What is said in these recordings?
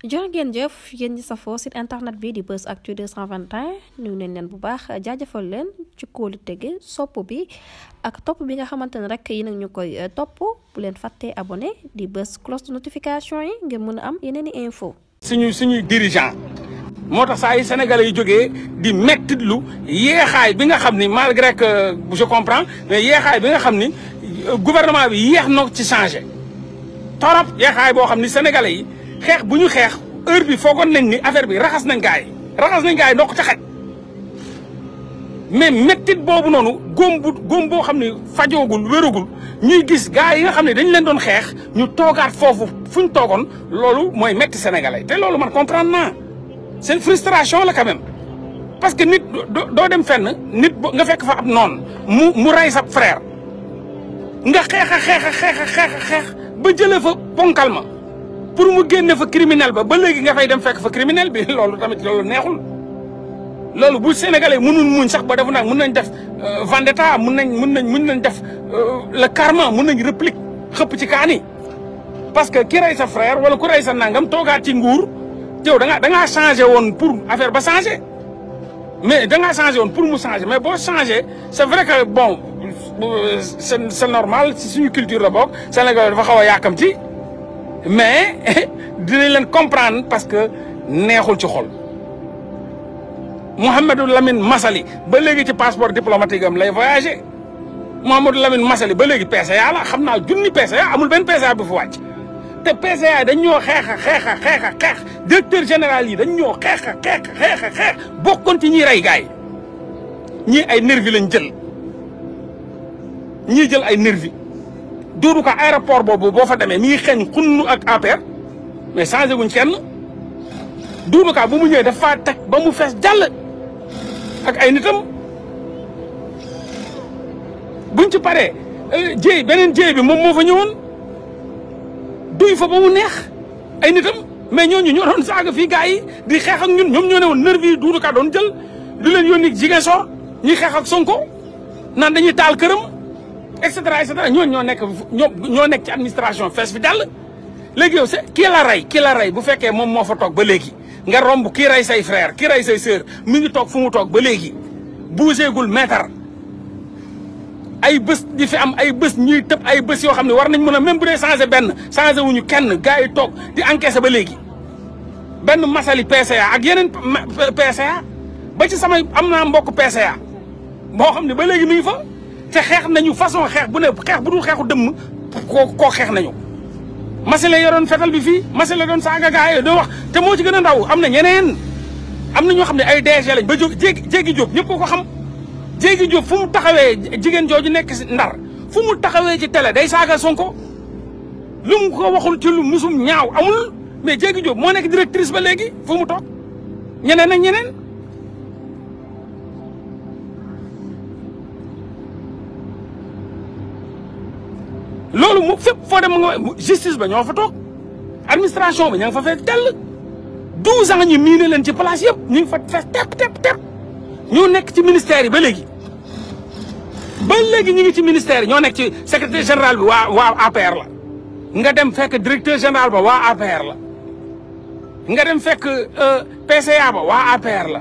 jërë ngeen jëf yéen ñi safoo site internet bi di Buzz Actu 221 nuyu nañ leen bu baax jaajëfal leen ci kóolu tege sopp bi ak topp bi nga xamante ne rek yi nag ñu koy euh, topp bu leen fàttee abone di bës cloche de notification yi ngeen mën a am yeneen i info suñu suñuy dirigeant moo tax saa yi sénégalais yu jógee di mettitlu yeexaay bi nga xam ni malgré que euh, je comprends mais yeexaay bi nga xam ni euh, gouvernement bi yéex na ci changé torop yeexaay boo xam ni sénégalais yi xeex bu ñu xeex heure bi foogoon nañ ni affaire bi raxas nañ gaay raxas nañ gaay ndox ca xaj mais méttit boobu noonu góom bu góom boo xam ne fajoogul wéragul ñuy gis gars yi nga xam ne dañ leen doon xeex ñu toogaat foofu fu ñu toogoon loolu mooy métti sénégalais te loolu man comprendre naa seen frustration la quand même parce que nit doo dem fenn nit nga fekk fa ab noon mu mu rey sa frère nga xeex a xeex xeex ba jëlee fa ponkal pour mu génne fa criminel ba ba léegi nga fay dem fekk fa criminel bi loolu tamit loolu neexul loolu bu sénégalais mënul muñ sax ba defu naan mën nañ def euh, vendetta mën nañ mën nañ mën nañ def euh, le karma mën nañ réplique xëpp ci kaani parce que ki rey sa frère wala ku rey sa nangam toogaat ci nguur yow da ngaa da ngaa changé woon affaire ba changé mais da ngaa changé woon pour mu changé mais boo changé c'est vrai que bon euh, c'est normal si suñu culture la bokk Sénégal dafa xaw a yàkkam ci mais dinañ leen comprendre parce que neexul ci xol Mouhamadou Lamine Massaly ba léegi ci passeport diplomatique am lay voyager Mouhamadou Lamine Massaly ba léegi PCA la xam naa junni PCA amul benn PCA bu fi wàcc te PCA da ñoo xeex a xeex a xeex directeur général yi dañ ñoo xeex a xeex a xeex a bokkoon ci ñiy rey gaay ñii ay nervi lañ jël ñii jël ay nervi duuru ko aéroport boobu boo fa demee mi ngi xeeñ xunnu ak APR mais changé wuñ kenn duuru ko bu mu ñëwee dafa teg ba mu fees jàll ak ay nitam buñ ci paree euh, jéey beneen jéey bi moom moo fa ñëwoon duy fa ba mu neex ay nitam mais ñooñu ñoo doon saaga fii gars yi di xeex ak ñun ñoom ñoo ne woon nervi bi duuru ka doon jël di leen yónni jigéen soor ñuy xeex ak Sonko naan dañuy taal këram. et cetera et cetera ñoo nekk ñoo nekk ci administration fees bi dàll. léegi yow c'est kii la rey kii la bu fekkee moom moo fa toog ba léegi nga romb kii rey say frère kii rey say sœur mi ngi toog fu mu toog ba léegi bougégul meetar ay bés di fi am ay bés ñuy tëb ay bés yoo xam ne war nañ mën a même bu dee changé benn changé wuñu kenn gars yi toog di encaissé ba léegi benn masali PCA ak yeneen PCA ba ci samay am naa mbokk PCA boo xam ne ba léegi fa te xeex nañu façon xeex bu ne xeex bu dul xeexu dëmm koo koo xeex nañu Massi la yoroon fetal bi fii Massi la doon saaga gaa yi doo wax te moo ci gën a ndaw am na ñeneen am na ñoo xam ne ay DG lañ ba jóg jéegi jéegi jóg ñëpp ko xam jéegi jóg fu mu taxawee jigéen jooju nekk si ndar fu mu taxawee ci tele day saaga Sonko lu mu ko waxul ci lu musum ñaaw amul mais jéegi jóg moo nekk directrice ba léegi fu mu toog ñeneen ak ñeneen loolu mu fépp foo dem nga justice ba ñoo fa toog administration ba ña nga fa fekk tell douze ans ñu miine leen ci place yëpp ñu ngi fa fees tepp nekk ci ministère yi ba léegi ba léegi ñu ngi ci ministère yi ñoo nekk ci secrétaire général bi waa waa APR la nga dem fekk directeur général ba waa APR la nga dem fekk euh, PCA ba waa APR la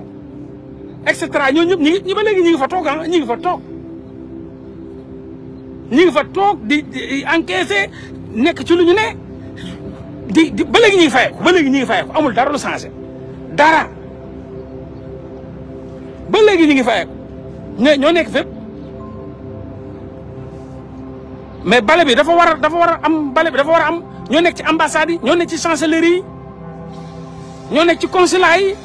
et cetera ñoo ñëpp ñi ba léegi ñu ngi fa toog ah ñu ngi fa toog ñi fa toog di di nekk ci lu ñu ne di di ba léegi ñu ngi fayeeku ba léegi ñu ngi fayeeku amul dara lu changé dara ba léegi ñu ngi fayeeku ñoo ñoo nekk fépp mais balebi dafa war a dafa war a am bale bi dafa war a am ñoo nekk ci ambassades yi ñoo nekk ci chancellerie yi ñoo nekk ci consulat yi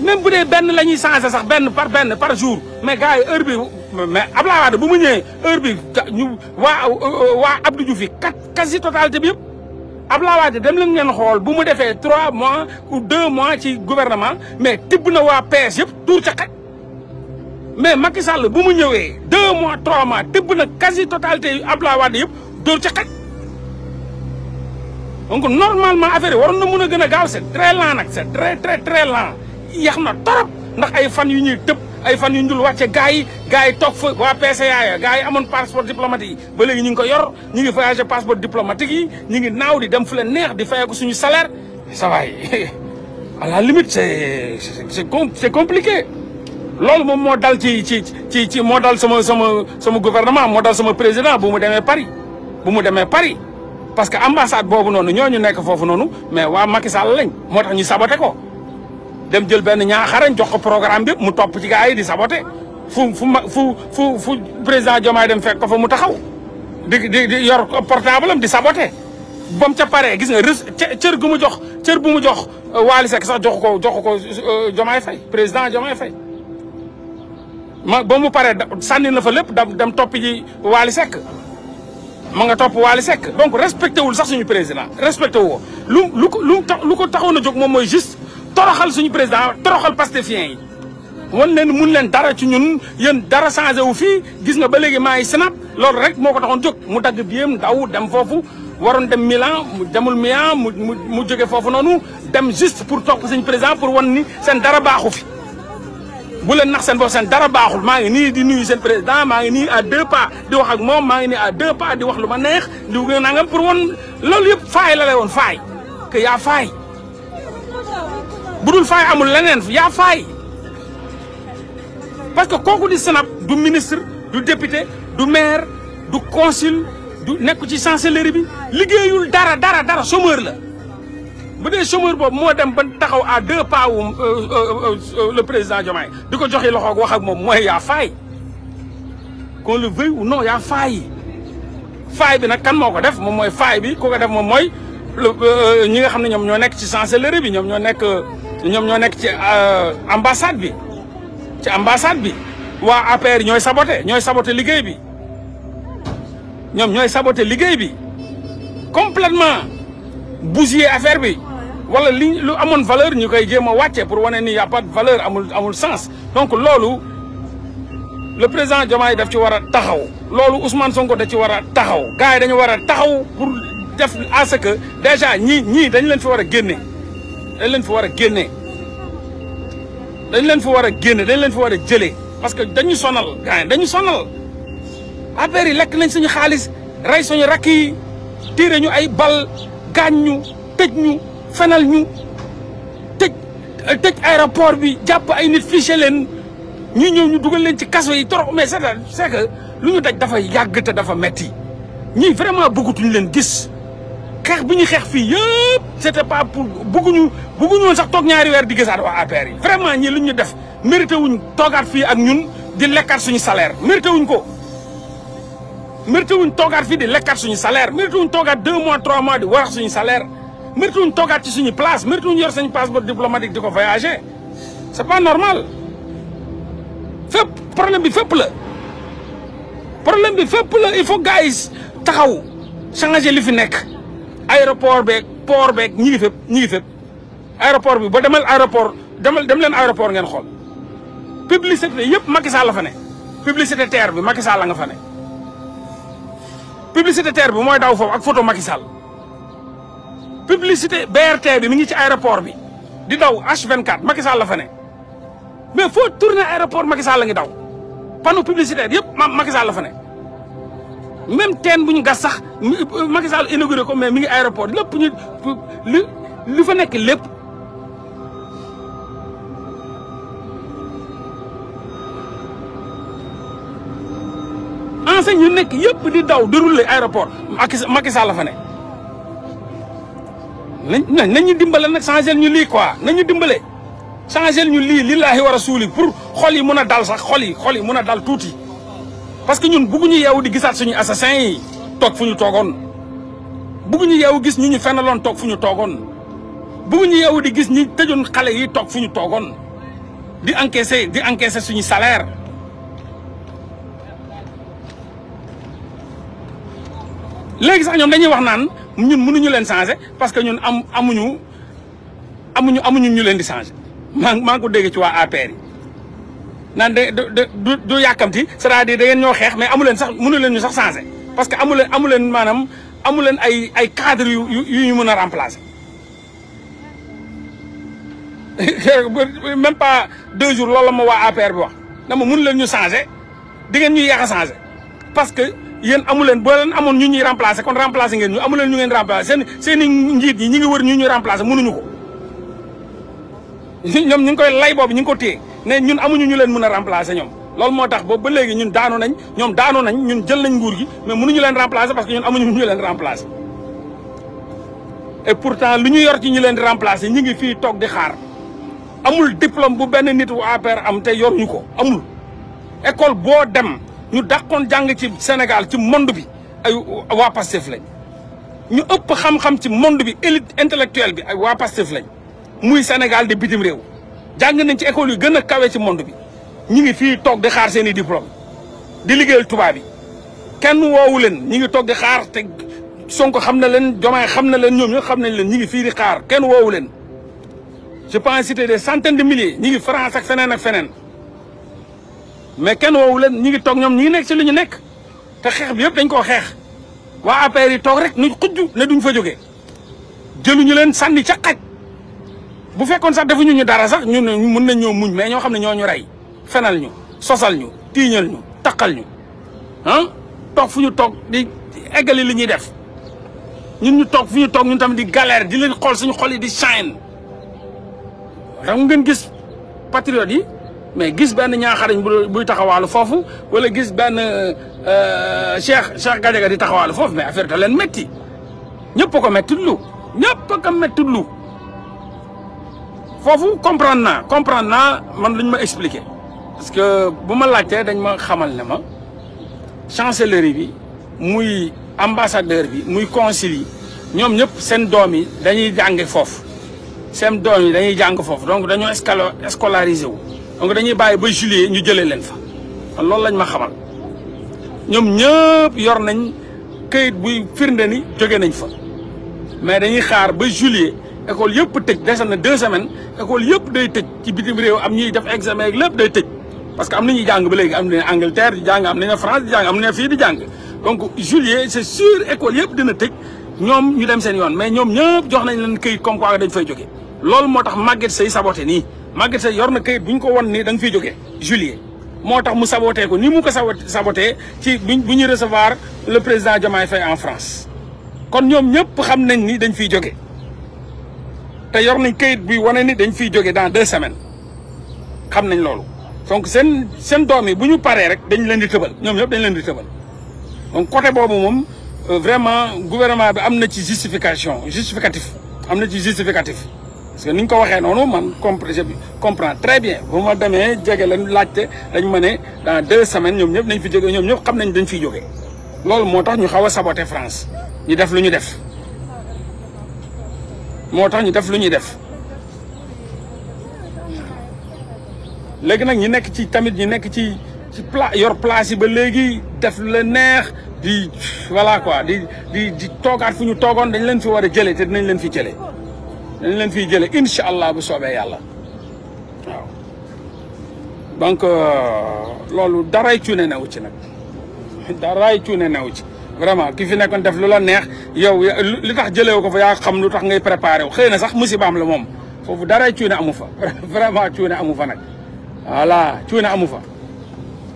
même bu dee benn la ñuy changé sax benn par benn par jour mais gars yi heure bi mais Abdoulaye Wade bu mu ñëwee heure bi ñu waa waa Abdou Diouf yi kat quasi totalité bi yëpp Abdoulaye Wade dem leen ngeen xool bu mu defee trois mois ou deux mois ci gouvernement mais tibb na waa PS yëpp tuur ca xaj mais Macky Sall bu mu ñëwee deux mois trois mois tibb na quasi totalité yu Abdoulaye yëpp dóor ca xaj donc normalement affaire yi waroon na mun a gën a gaaw c'est très lent nag c'est très très très yéex na torop ndax ay fan yu ñuy tëb ay fan yu dul wàcce gars yi gars yi toog fa waa PCA ya gars yi amoon passeport diplomatique yi ba léegi ñu ngi ko yor ñu ngi voyagé passeport diplomatique yi ñu ngi naaw di dem fu leen neex di fayeeku suñu salaire ça va à la limite c'est c'est compliqué loolu moom moo dal ci ci ci ci moo dal sama sama sama gouvernement moo dal sama président bu mu demee pari bu mu demee pari parce que ambassade boobu noonu ñoo ñu nekk foofu noonu mais waa Macky Sall moo tax ñu saboté ko dem jël benn ñaaxarañ jox ko programme bi mu topp ci gars yi di saboté fu fu fu fu fu président Diomaye dem fekk ko fa mu taxaw di di di yor portable am di saboté bam ca paree gis nga rës cër gu mu jox cër bu mu jox euh, Waly Seck sax joxu ko joxu ko euh, Diomaye Faye président Diomaye Faye ma ba mu paree sànni na fa lépp dam dem topp ji Waly Seck ma nga topp Waly Seck donc respecté wul sax suñu président respecté wu lu lu ko lu ko taxoon a jóg moom mooy juste toroxal suñu président toroxal pastefiens yi wan leen mun leen dara ci ñun yéen dara changé wu fii gis nga ba léegi maa ngi snap loolu rek moo ko taxoon jóg mu dagg biem daw dem foofu waroon dem Milan mu demul Milan mu mu mu jóge foofu noonu dem juste pour topp suñu président pour wan ni seen dara baaxu fi bu leen nax seen bopp seen dara baaxul maa ngi nii di nuyu seen président maa ngi nii à deux pas di wax ak moom maa ngi nii à deux pas di wax lu ma neex di nangam pour wan loolu yëpp faay la lay woon faay que yaa faay bu dul faay amul leneen yaa faay parce que kooku di snap du ministre du député du maire du consul du nekk ci chancellerie bi liggéeyul dara dara dara chômeur la bu dee chômeur boobu moo dem ba taxaw à deux pas wu euh, euh, euh, le président Diomaye di ko joxe loxo ak wax ak moom mooy yaa faay qu'on le veuille ou non yaa faay faay bi nag kan moo ko def moom mooy faay bi ku ko def moom mooy ñi nga xam ne ñoom ñoo nekk ci chancellerie bi ñoom ñoo nekk ñoom ñoo nekk ci euh, ambassade bi ci ambassade bi waa APR ñooy saboté ñooy saboté liggéey bi ñoom ñooy saboté liggéey bi complètement bousiller affaire bi wala li lu amoon valeur ñu koy jéem a wàcce pour wane ni y a valeur amul amul sens donc loolu le président Diomaye daf ci war a taxaw loolu Ousmane Sonko da ci war a taxaw gars yi dañu war a taxaw pour def à que déjà ñii ñii dañu leen fi war a génne dañ leen fi war a génnee dañ leen fi war a génne dañ leen fi war a jëlee parce que dañu sonal gars dañu sonal affaire yi lekk nañ suñu xaalis rey suñu rakk yi tiire ñu ay bal gaañ ñu tëj ñu fenal ñu tëj tëj aéroport bi jàpp ay nit fiché leen ñu ñëw ñu dugal leen ci kaso yi trop mais c'est que lu ñu daj dafa yàgg te dafa metti ñii vraiment bëggatuñ leen gis xeex bi ñu xeex fii yëpp c'était pas pour bugguñu bugguñu woon sax toog ñaari weer di gisaat waa APR yi vraiment ñi lu ñu def mérité wuñ toogaat fii ak ñun di lekkaat suñu salaire mérité wuñ ko mérité toogaat fii di lekkaat suñu salaire mérité wuñ toogaat deux mois trois mois di warax suñu salaire mérité wuñ toogaat ci suñu place mérité wuñ yor suñu passeport diplomatique di ko voyager c'est pas normal fépp problème bi fépp la problème bi fépp la il faut gars yi taxaw changer li fi nekk aéroport beeg port beeg ñi ngi fépp aéroport bi bo demal aéroport demal dem leen aéroport ngeen xool publicité yëpp Macky Sall la fa ne publicité terre bi Macky Sall la nga fa ne publicité terre bi mooy daw foofu ak photo Macky Sall publicité BRT bi mi ngi ci aéroport bi di daw H24 Macky Sall la fa ne mais foo tourné aéroport Macky Sall la ngi daw panneau publicitaire yëpp Macky Sall la fa ne même teen bu ñu gas sax Macky Sall inauguré ko mais mi ngi aéroport lépp ñu li li fa nekk lépp enseigne yu nekk yëpp di daw déroulé aéroport Macky Sall la fa ne nañ nañu dimbale nag changé ñu lii quoi nañu dimbale changé ñu lii lillaahi wa rasuuli pour xol yi mun a dal sax xol yi xol yi mun a dal tuuti parce que ñun bugguñu yeewu di gisaat suñu assassin yi toog fu ñu toogoon bugguñu yeewu gis ñu ñu fenaloon toog fu ñu toogoon ñu yeewu di gis ñi tëjoon xale yi toog fu ñu toogoon di encaisser di encaisser suñu salaire léegi sax ñoom dañuy wax naan ñun mënuñu leen changer parce que ñun am amuñu amuñu amuñu ñu leen di changer maa maa ngi ko ci waa APR yi naan de du du yàkkamti c'est-à-dire da ngeen ñoo xeex mais amu leen sax mënu leen ñu sax changé parce que amu leen amu maanaam amu leen ay ay cadre yu yu ñu mën a remplacer. même pas deux jours loolu la ma waa APR wax na ma mënu leen ñu changé di ngeen ñuy a changé parce que yéen amu leen boo leen amoon ñu ñuy remplacer kon remplacer ngeen ñu amu ñu ngeen remplacer seen seen i njiit ñu ñi ngi wër ñu ñuy remplacer mënuñu ko. ñoom ñu ngi koy lay boobu ñu ngi ko téye ne ñun amuñu ñu leen mën a remplacer ñoom loolu moo tax boobu ba léegi ñun daanu nañ ñoom daanu nañ ñun jël nañ nguur gi mais mënuñu leen remplacer parce que ñun amuñu ñu leen remplacer et pourtant lu ñu yor ci ñu leen di remplacer ñu ngi fii toog di xaar amul diplôme bu benn nit wu APR am te ñu ko amul école boo dem ñu dàqoon jàng ci Sénégal ci mond bi ay waa Pastef lañ ñu ëpp xam-xam ci monde bi élite intellectuel bi ay waa Pastef lañ muy Sénégal di bitim réew jàng nañ ci école yi gën a kawe ci monde bi ñu ngi fii toog di xaar seen i diplôme di liggéeyal tubaab yi kenn woowu leen ñu ngi toog di xaar te Sonko xam na leen Diomaye xam na leen ñoom ñoo xam nañ leen ñu ngi fii di xaar kenn woowu leen je pense citer des centaines de milliers ñu ngi France ak feneen ak feneen mais kenn woowu leen ñu ngi toog ñoom ñi ngi nekk ci lu ñu nekk te xeex bi yëpp dañ koo xeex waa APR yi toog rek nu xujj ne duñ fa jógee jëluñu leen sànni ca bu fekkoon sax defuñu ñu dara sax ñun mën nañ ñoo muñ mais ñoo xam ne ñoo ñu rey fenal ñu sosal ñu tiiñal ñu taqal ñu ah toog fu ñu toog di eggali li ñuy def ñun ñu toog fu ñu toog ñun tamit di galère di leen xool suñu xol yi di chaine. xam ngeen gis patriote yi mais gis benn ñaaxarañ buy taxawaalu foofu wala gis benn euh, euh, Cheikh Cheikh Gadiaga di taxawaalu foofu mais affaire da leen métti ñëpp ko métti lu ñëpp ko métti lu foofu comprendre naa comprendre naa man lañ ma expliqué parce que bu ma laajtee dañ ma xamal ne ma chancellerie bi muy ambassadeur bi muy consul ñoom ñëpp seen doom yi dañuy jànge foofu seen doom yi dañuy jàng foofu donc dañoo escalo scolarisé wu donc dañuy bàyyi ba juillet ñu jëlee leen fa man loolu lañ ma xamal ñoom ñëpp yor nañ këyit buy firnde ni jóge nañ fa mais dañuy xaar ba juillet école yëpp tëj dese na deux semaines école yëpp day tëj ci bitim réew am ñuy def examen ak lépp day tëj parce que am na ñuy jàng ba léegi am na Angleterre di jàng am na France di jàng am na fii di jàng donc juillet c'est sûr école yëpp dina tëj ñoom ñu dem seen yoon mais ñoom ñëpp jox nañ leen kayit comme quoi dañ fay joge loolu moo tax Maguette Seye saboté nii Maguette Seye yor na këyit bu ñu ko won nii da nga fiy jógee juillet moo tax mu saboté ko nii mu ko saboté ci bu bu ñuy recevoir le président Diomaye Faye en France kon ñoom ñëpp xam nañ ni dañ fiy jóge te yor nañ kayit buy wane ni dañ fiy jóge dans deux semaines xam nañ loolu donc seen seen doom yi bu ñu paree rek dañ leen di tëbal ñoom ñëpp dañ leen di tëbal donc côté boobu moom euh, vraiment gouvernement bi am na ci justification justificatif am na ci justificatif parce que ni ñu ko waxee noonu man comprendre comprend très bien bu ma demee jege leen laajte dañ ma ne dans deux semaines ñoom ñëpp nañ fi jóge ñoom ñëpp xam nañ dañ fiy jóge loolu moo tax ñu xaw a saboté France ñu def lu ñu def moo tax ñu def lu ñuy def léegi nag ñi nekk ci tamit ñi nekk ci ci pla yor place yi ba léegi def leen neex di voilà quoi di di di toogaat fu ñu toogoon dañ leen fi war a jëlee te dinañ leen fi jëlee dañu leen fiy jëlee incha allah bu soobee yàlla waaw donc euh, loolu daraay cuune newu ci nag daraay cuune newu ci vraiment ki fi nekkoon def lu la neex yow li tax jëlewu ko fa yaa xam lu tax ngay préparé wu xëy na sax musibaam la moom foofu dara cuune amu fa vraiment ne amu fa nag voilà cuune amu fa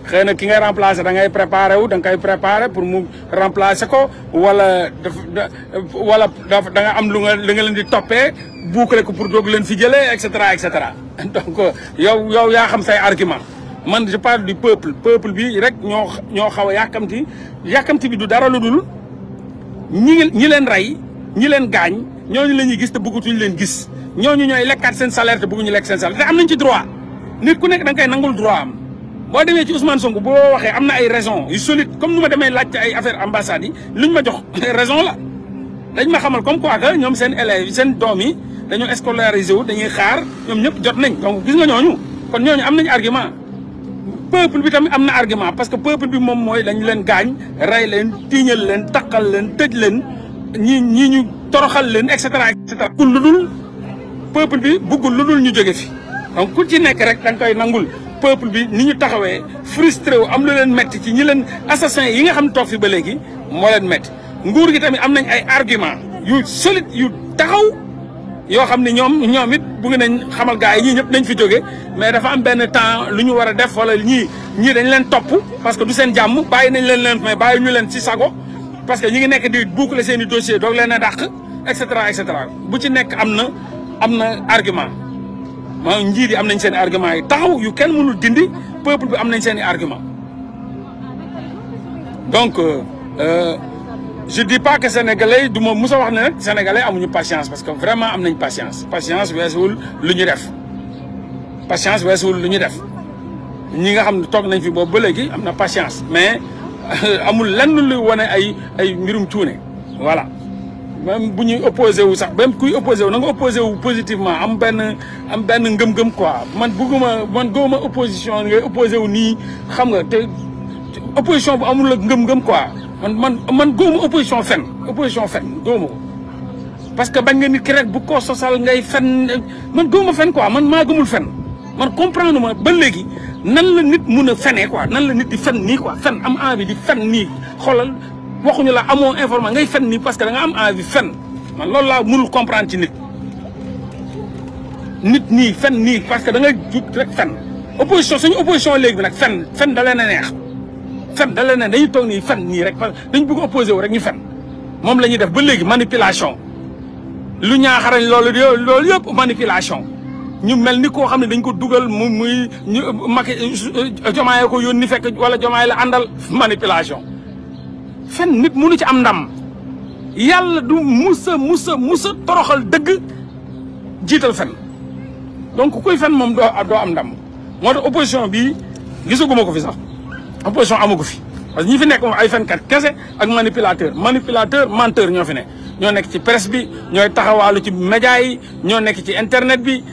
xëy na ki ngay remplacer da ngay préparé wu da nga koy préparé pour mu remplacer ko wala daf wala da nga am lu nga li nga leen di toppee boucler ko pour doog leen fi jëlee et cetera et cetera donc yow yow yaa xam say argument man je parle du peuple peuple bi rek ñoo ñoo xaw a yàkkamti yàkkamti bi du dara lu dul ñi ñi leen rey ñi leen gaañ ñooñu la ñuy gis te bëggatuñu leen gis ñooñu ñooy lekkaat seen salaire te bëgguñu lekk seen salaire te am nañ ci droit nit ku nekk da nga koy nangul am. boo demee ci Ousmane Sonko boo waxee am na ay raison yu solide comme ma demee laajte ay affaire ambassades yi luñ ma jox la dañ ma xamal comme quoi que ñoom seen élèves seen doom yi dañoo scolarisé wu dañuy xaar ñoom ñëpp jot nañ donc gis nga ñooñu kon ñooñu am nañ argument. peuple bi tamit am na argument parce que peuple bi moom mooy dañu leen gaañ rey leen tiiñal leen taqal leen tëj leen ñi ñi ñu toroxal leen et cetera et lu dul peuple bi buggul lu dul ñu jóge fi donc ku ci nekk rek da koy nangul peuple bi ni ñu taxawee frustré wu am lu leen métti ci ñi leen assassin yi nga xam toog fi ba léegi moo leen métti nguur gi tamit am nañ ay argument yu solide yu taxaw yoo xam ne ñoom ñoom it bëgg nañ xamal gaa yi ñii ñëpp nañ fi jóge mais dafa am benn temps lu ñu war a def wala ñii ñii dañ leen topp parce que du seen jàmm bàyyi nañ leen leen mais bàyyi ñu leen ci sago parce que ñi ngi nekk di boucler seen i dossier doog leen a dàq et cetera et bu ci nekk am na am na argument ma njiit yi am nañ seen i argument yi taxaw yu kenn mënul dindi peuple bi am nañ seeni i argument donc euh, euh, je dis pas que sénégalais du ma mus a wax ne nag sénégalais amuñu patience parce que vraiment am nañ patience patience weesuwul lu ñu def patience weesuwul lu ñu def ñi nga xam ne toog nañ fi boobu ba léegi am na patience mais euh, amul lenn luy wane ay ay mbirum cuune voilà même bu ñu opposé wu sax même kuy opposé wu na nga opposé wu positivement am benn am benn ngëm-ngëm quoi man bugguma man gooma opposition ngay opposé wu nii xam nga opposition bu amul la ngëm-ngëm quoi man man man góomu opposition fen opposition fen góomu parce que bañ nga nit ki rek bu ko sosal ngay fen man góoma fen quoi man maa gëmul fen man comprendre ma ba léegi nan la nit mun a fenee quoi nan la nit di fen nii quoi fen am envie di fen nii xoolal waxuñu la amoo information ngay fen nii parce que danga am envie fen man loolu laa mënul comprendre ci nit nit nii fen nii parce que da ngay jug rek fen opposition suñu opposition léegi nag fen fen da leen a neex fen da leen dañuy toog nii fen nii rek parce dañ bëgg opposé wu rek ñu fen moom la ñuy def ba léegi manipulation lu ñaaxarañ lool loolu yëpp manipulation ñu mel ni koo xam ne dañ ko dugal mu muy ñu Macky euh, Diomaye ko yónni fekk wala Diomaye la àndal manipulation fen nit mënu ci am ndam yàlla du musa musa musa toroxal dëgg jiital fen donc kuy fen moom doo am ndam moo tax opposition bi gisaguma ko fi sax opposition amagu fi parce que ñi fi nekk moom ay fenkat kese ak manipulateur manipulateur manteur ñoo fi ne ñoo nekk ci presse bi ñooy taxawaalu ci média yi ñoo nekk ci internet bi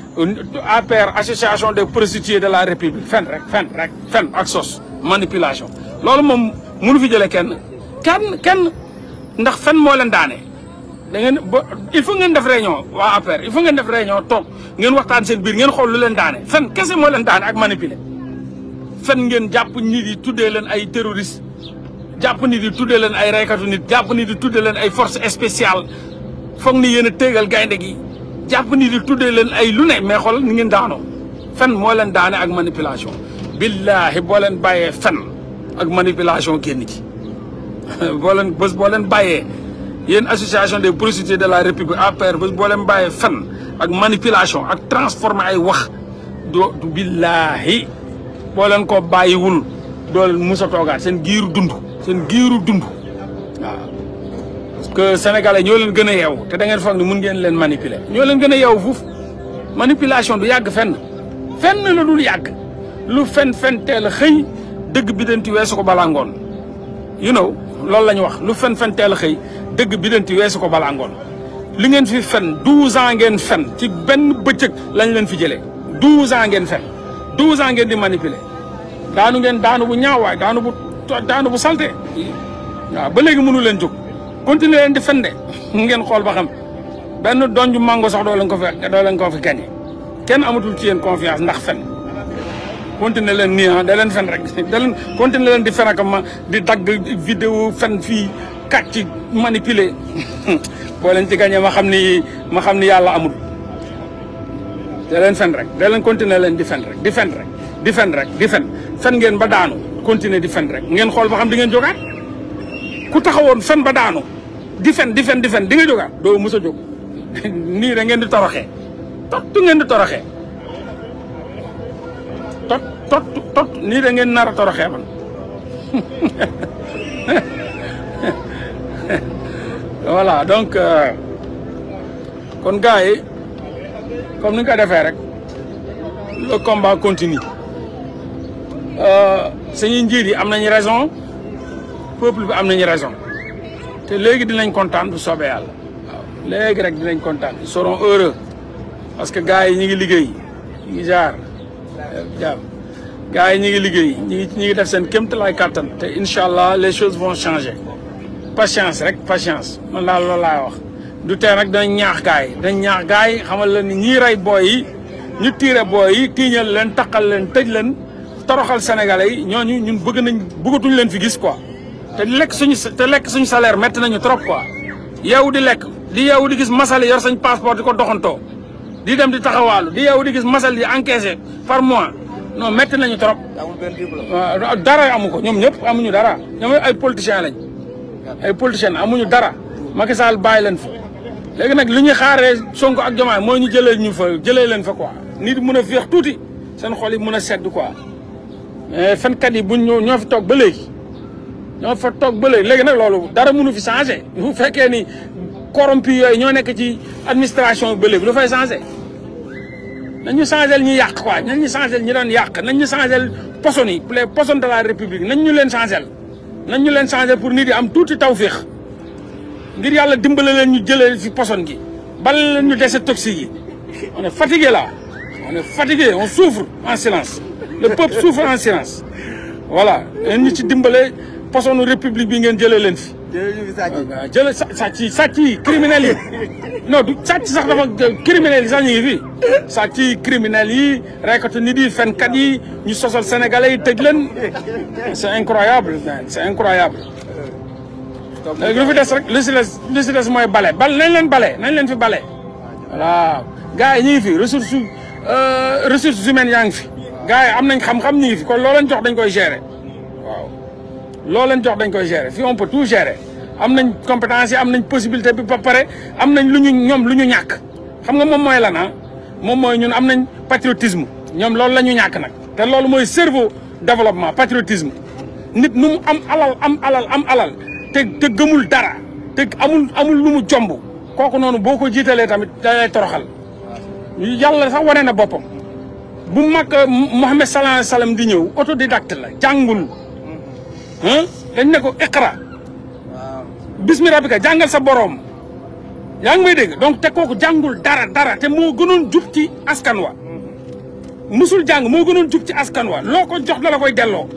APR association des prostituées de la république fen rek fen rek fen ak sos manipulation loolu moom mënu fi jëlee kenn kenn kenn ndax fen moo leen daanee da ngeen ba il faut ngeen def réunion waa APR il faut ngeen def réunion toog ngeen waxtaan seen biir ngeen xool lu leen daane fen kese moo leen daane ak manipuler fen ngeen jàpp nit yi tuddee leen ay terroriste jàpp nit yi tuddee leen ay reykatu nit jàpp nit yi leen ay force spéciale foog ni yéen a téegal gaynde gi jàpp nit yi tuddee leen ay lu ne mais xool ni ngeen daanoo fen moo leen daane ak manipulation billaahi boo leen bàyyee fen ak manipulation génn ci boo leen bés leen bàyyee yéen association des prostituées de la république APR bés boo leen bàyyee fen ak manipulation ak transformer ay wax doo billaahi boo leen ko bàyyiwul doo leen mus a toogaat seen giiru dund seen giiru dund waaw parce que sénégalais ñoo leen gën a yeewu te da ngeen foog ni mun ngeen leen manipuler ñoo leen gën a yeewu fuuf manipulation du yàgg fen fenn la dul yàgg lu fen fen teel a xëy dëgg bi ti weesu ko balaa ngoon you loolu la wax lu fen fen teel a xëy dëgg bi ti weesu ko balaa ngoon li ngeen fi fen douze ans ngeen fen ci benn bëccëg lañ leen fi jëlee douze ans ngeen fen douze ans ngeen di manipuler daanu ngeen daanu bu ñaawaay daanu bu daanu bu salte waaw ba léegi mënu leen jóg continuer leen di fende ngeen xool ba xam benn donju mango sax doo leen ko fi doo leen ko fi gagné kenn amatul ci yéen confiance ndax fen continuer leen nii ah da leen fen rek da leen continuer leen di fen a ma di dagg vidéo fen fii kàcc manipuler boo leen ci gagné ma xam ni ma xam ni yàlla amul da leen fen rek da leen continuer leen di fen rek di fen rek di fen rek di fen ngeen ba daanu continuer di fen rek ngeen xool ba xam di ngeen jógaat ku taxawoon fen ba daanu di fen di fen di fen di nga jógaat doo mos a jóg nii da ngeen di toroxee tottu ngeen di toroxee tot tot tot nii da ngeen nar a toroxee man voilà donc euh, kon gars yi comme ni ko defee rek le combat continue euh, suñuy njiit yi am nañu raison peuple bi am nañu raison te léegi dinañ kontaan bu soobee yàlla léegi rek dinañ kontaan ils seront heureux parce que gars yi ñu ngi liggéey ñu ngi jaar yi ñu ngi liggéey ñu ngi ñu ngi def seen kéemtalaay kàttan te incha allah les choses vont changer patience rek patience man daal loolu laay wax. du tee nag dañ ñaax gaay dañ ñaax gaay xamal leen ni ñii rey booy yi ñu tiire booy yi tiiñal leen taqal leen tëj leen toroxal sénégalais yi ñu ñun bëgg nañ bëggatuñ leen fi gis quoi te lekk suñu te lekk suñu salaire métti nañu trop quoi yow di lekk di yow di gis masal yor sañ passeport di ko doxantoo di dem di taxawaalu di yow di gis masal yi encaissé par mois non métti nañu trop dara amu ko ñoom ñëpp amuñu dara ñoom ay politiciens lañ ay politiciens amuñu léegi nag lu ñuy xaaree Sonko ak Diomaye mooy ñu jëlee ñu fa jëlee leen fa quoi nit mun a féex tuuti seen xol yi mun a sedd ko mais eh, fenkat yi buñ ñoo fi toog ba léegi ñoo fa toog ba léegi léegi nag loolu dara mënu fi changé bu fekkee ni corrompu yooyu ñoo nekk ci administration ba léegi lu fay changé nañ ñu changé ñi yàq quoi nañ ñu changé ñi doon yàq nañ ñu changé poson yi les poson de la république nañ ñu leen changé na ñu leen changé pour nit yi am tuuti taw tawféex ngir yàlla dimbale leen ñu jëlee fi poson gi bale leen ñu dese toxi yi on est fatigué là on est fatigué on souffre en silence le peuple souffre en silence voilà leen ñu ci dimbale posonu république bi ngeen jëlee leen fi ah, ah, sa sàcc yi sàcc yi criminels yi non du sàcc sax dafa criminels yi sa ñu ngi fi sàcc yi criminels yi reykatu nit yi fenkat yi ñu sosal sénégalais yi tëj leen c'est incroyable c'est incroyable léegi eh, lu fi des rek lu si des lu si des mooy bale bal nañ leen bale nañ leen fi bale waaw gaa yi ñu ngi fi ressource euh, ressources humaines yaa ngi fi gars yi am nañ xam-xam ñu ngi fi kon loo jox dañ koy gérer waaw loo leen jox dañ koy gérer fii on peut tout gérer am nañ compétence yi am nañ possibilité bi ba pare am nañ lu ñu ñoom lu ñu ñàkk xam nga moom mooy lan ah moom mooy ñun am nañ patriotisme ñoom loolu la ñu ñàkk nag te loolu mooy cerveau développement patriotisme nit nu am alal am alal am alal te te gëmul dara te amul amul lu mu jomb kooku noonu boo ko jiitalee tamit da lay toroxal yàlla sax wane na boppam bu mag eh, Mouhamed sallallahu alayhi wasallam di ñëw autodidacte la jàngul dañ ne ko iqra bismi rabbika jàngal sa boroom yaa ngi may dégg donc te kooku jàngul dara dara te moo gënoon jub ci askan wa mm-hmm. musul jàng moo gënoon jub ci askan wa loo ko jox la koy delloo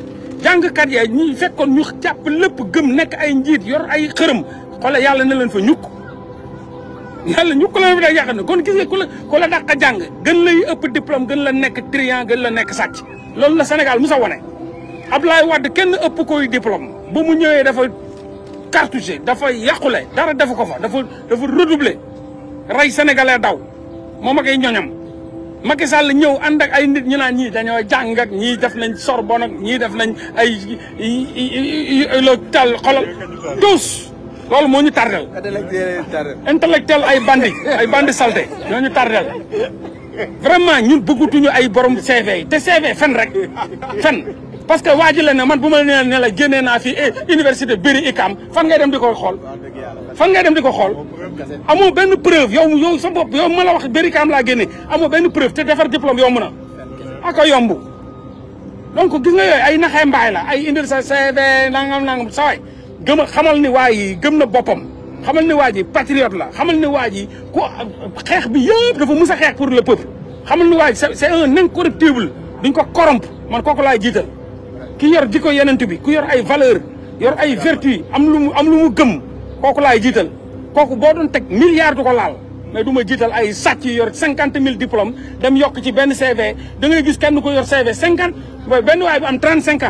jàngkat ya ñi fekkoon ñu jàpp lépp gëm nekk ay njiit yor ay xërëm xoolal yàlla na leen fa ñukk yàlla ñukk la fa yàq na kon gis ko la ku la dàq gën lay ëpp diplôme gën la nekk triant gën la nekk sàcc loolu la Sénégal mu sa wone Abdoulaye Wade kenn ëpp koy diplôme ba mu ñëwee dafa cartouché dafa yàqule dara defu ko fa dafa dafa redoubler rey sénégalais daw moom ak ay ñoñam Macky Sall ñëw ànd ak ay nit ñu naan ñii dañoo jàng ñii def nañ Sorbonne ak ñii def nañ ay le tal xolal tous loolu moo ñu tardel intellectuel ay bandi ay bandi salté ñoo ñu tardel vraiment ñun bëggatuñu ay borom CV te CV fen rek fen parce que waa ji la ne man bu ma nee ne la génnee naa fii eh, université bëri ICAM fan ngay dem di ko xool fan ngay dem di ko xool amu benn preuve yow yow sa bopp yow ma la wax bëri ICAM laa génne amoo benn preuve te defar diplôme yomb na aka yomb donc gis nga yooyu ay naxee mbaay la ay indil sa CV nangam nangam saway xamal ni waa yi gëm na boppam xamal ni waa ji patriote la xamal ni waa ji ku xeex bi yëpp dafa mus a xeex pour le peuple xamal ni waa ji c'est un incorruptible duñ ko corrompre man laay jiital ki yor jikko yenent bi ku yor ay valeur yor ay vertu am lu mu gëm kooku laay jiital kooku boo doon teg milliard du ko laal mais du ma jiital ay sàcc yor cinquante mille diplôme dem yokk ci benn CV da ngay gis kenn ko yor CV cinquante mooy benn waay bi am trente cinq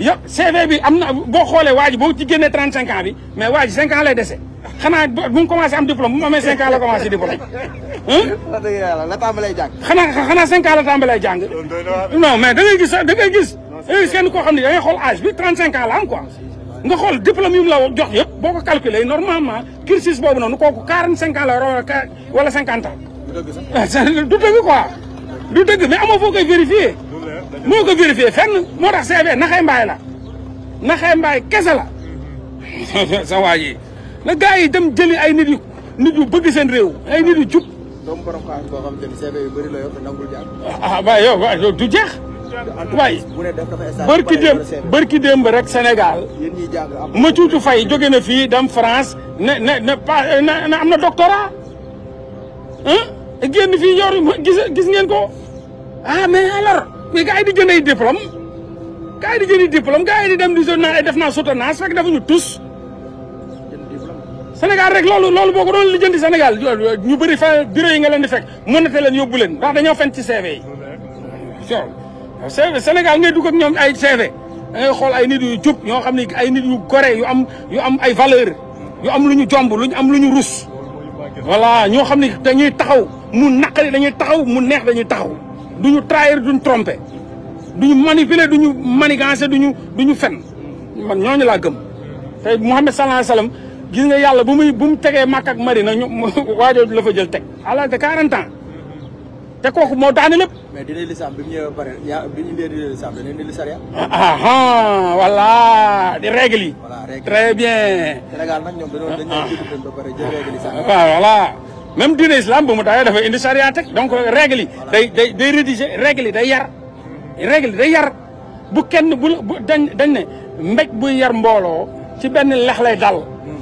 yo CV bi am na boo xoolee waa ji boo ci génnee trente cinq bi mais waa ji cinq ans lay dese xanaa bu mu commencé am diplôme la commencé jàng. xanaa mais da gis da gis. yooyu seen koo xam ne da ngay xool âge bi 35 ans la am quoi nga xool diplôme yi la jox yëpp boo ko calculer normalement cursus boobu noonu kooku 45 ans la war wala 50 ans. du dëgg quoi. du dëgg mais koy vérifier. moo ko vérifier fenn moo tax CV naxay mbaay la naxay mbaay kese la. Mm-hmm. sa waa ji na gars dem jëli ay nit yu nit yu bëgg seen réew ay nit yu jub. doomu borom xaalis boo xam te ne ah, du jeex. waaye bërki démb bërki démb rek Sénégal ma cuucu fay joge na fii dem France ne am na doctorat ah génn fii yor gis gis ngeen ko ah mais alors mais gars yi di jënd ay diplôme gars yi di jënd ay diplôme gars yi di dem di jënd naa def naa soutenance fekk defuñu tous Sénégal rek loolu loolu boo ko doon li jëndi Sénégal ñu bëri fa bureau yi nga leen di fekk mënate leen yóbbu leen ndax dañoo fen yi CV Sénégal ngay dugg ak ñoom ay CV da xool ay nit yu jub ñoo xam ne ay nit yu gore yu am yu am ay valeur yu am lu ñu jomb lu ñu am lu ñu rus voilà ñoo xam ne dañuy taxaw mu naqari dañuy taxaw mu neex dañuy taxaw duñu trahir duñu tromper duñu manipuler duñu manigancer duñu ñu fen man ñooñu laa gëm tey Mouhamed sallallahu alayhi wasallam gis nga yàlla bu muy bu mu tegee Makka ak Madina ñu waajooju la fa jël teg à l'âge de 40 ans te kooku moo daane lépp. mais dinañ lislaam bi mu ñëwee ba pare yaa bi ñu indee dinañ ah, ah, ah, bien. Sénégal nag ñoom dañoo dañoo jiitu ba pare jël règle yi même diine islam ba mu daawee dafa indi sariya teg donc règle day day day rédiger règle yi day yar. règle yi day yar bu kenn bu dañ dañ ne mbéj buy yar mbooloo ci benn lex lay dal. Hmm.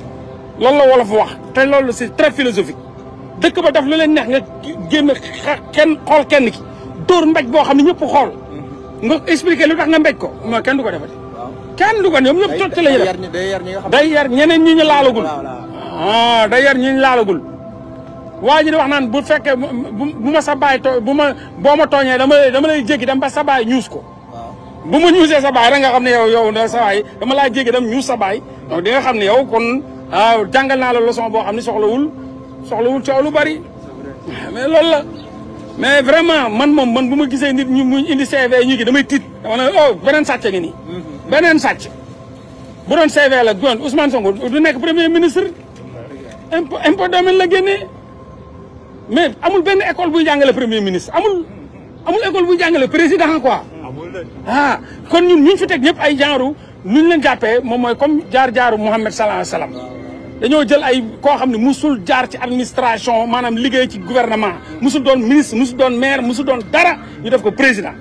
loolu la wolof wax te loolu c'est très philosophique. dëkk ba daf lu leen neex nga génn kenn xool kenn ki dóor mbéj boo xam ne ñëpp xool nga expliqué lu dax nga mbéj ko ma kenn du ko defati kenn du ko ñoom ñëpp tot lañu def day yar ñeneen ñi ñu laalagul ah day yar ñi ñu laalagul waa ji di wax naan bu fekkee bu ma sa baay to ma boo ma tooñee dama dama lay dem ba sa baay ñuus ko bu ma ñuusee sa baay rek nga xam ne yow yow da sa baay dama laa jéggi dem ñuus sa baay donc di nga xam ne yow kon ah, jàngal naa la leçon boo xam ne soxlawul soxlawul coow lu bari mais loolu la mais vraiment man moom man bu ma gisee nit ñu mu indi CV ñu gi damay tiit dama ne oh, beneen sàcc ngi nii mhm. beneen sàcc bu doon CV la doon Ousmane Sonko du nekk premier ministre impôt impôt domaine la génnee mais amul benn école buy jàngale premier ministre amul amul école buy jàngale président quoi ah kon ñun ñu fi teg ñëpp ay genre nuñ leen jàppee moom mooy comme jaar-jaaru Mouhamed salaa salaam dañoo jël ay koo xam ne musul jaar ci administration maanaam liggéey ci gouvernement musul doon ministre musul doon maire musul doon dara ñu def ko président.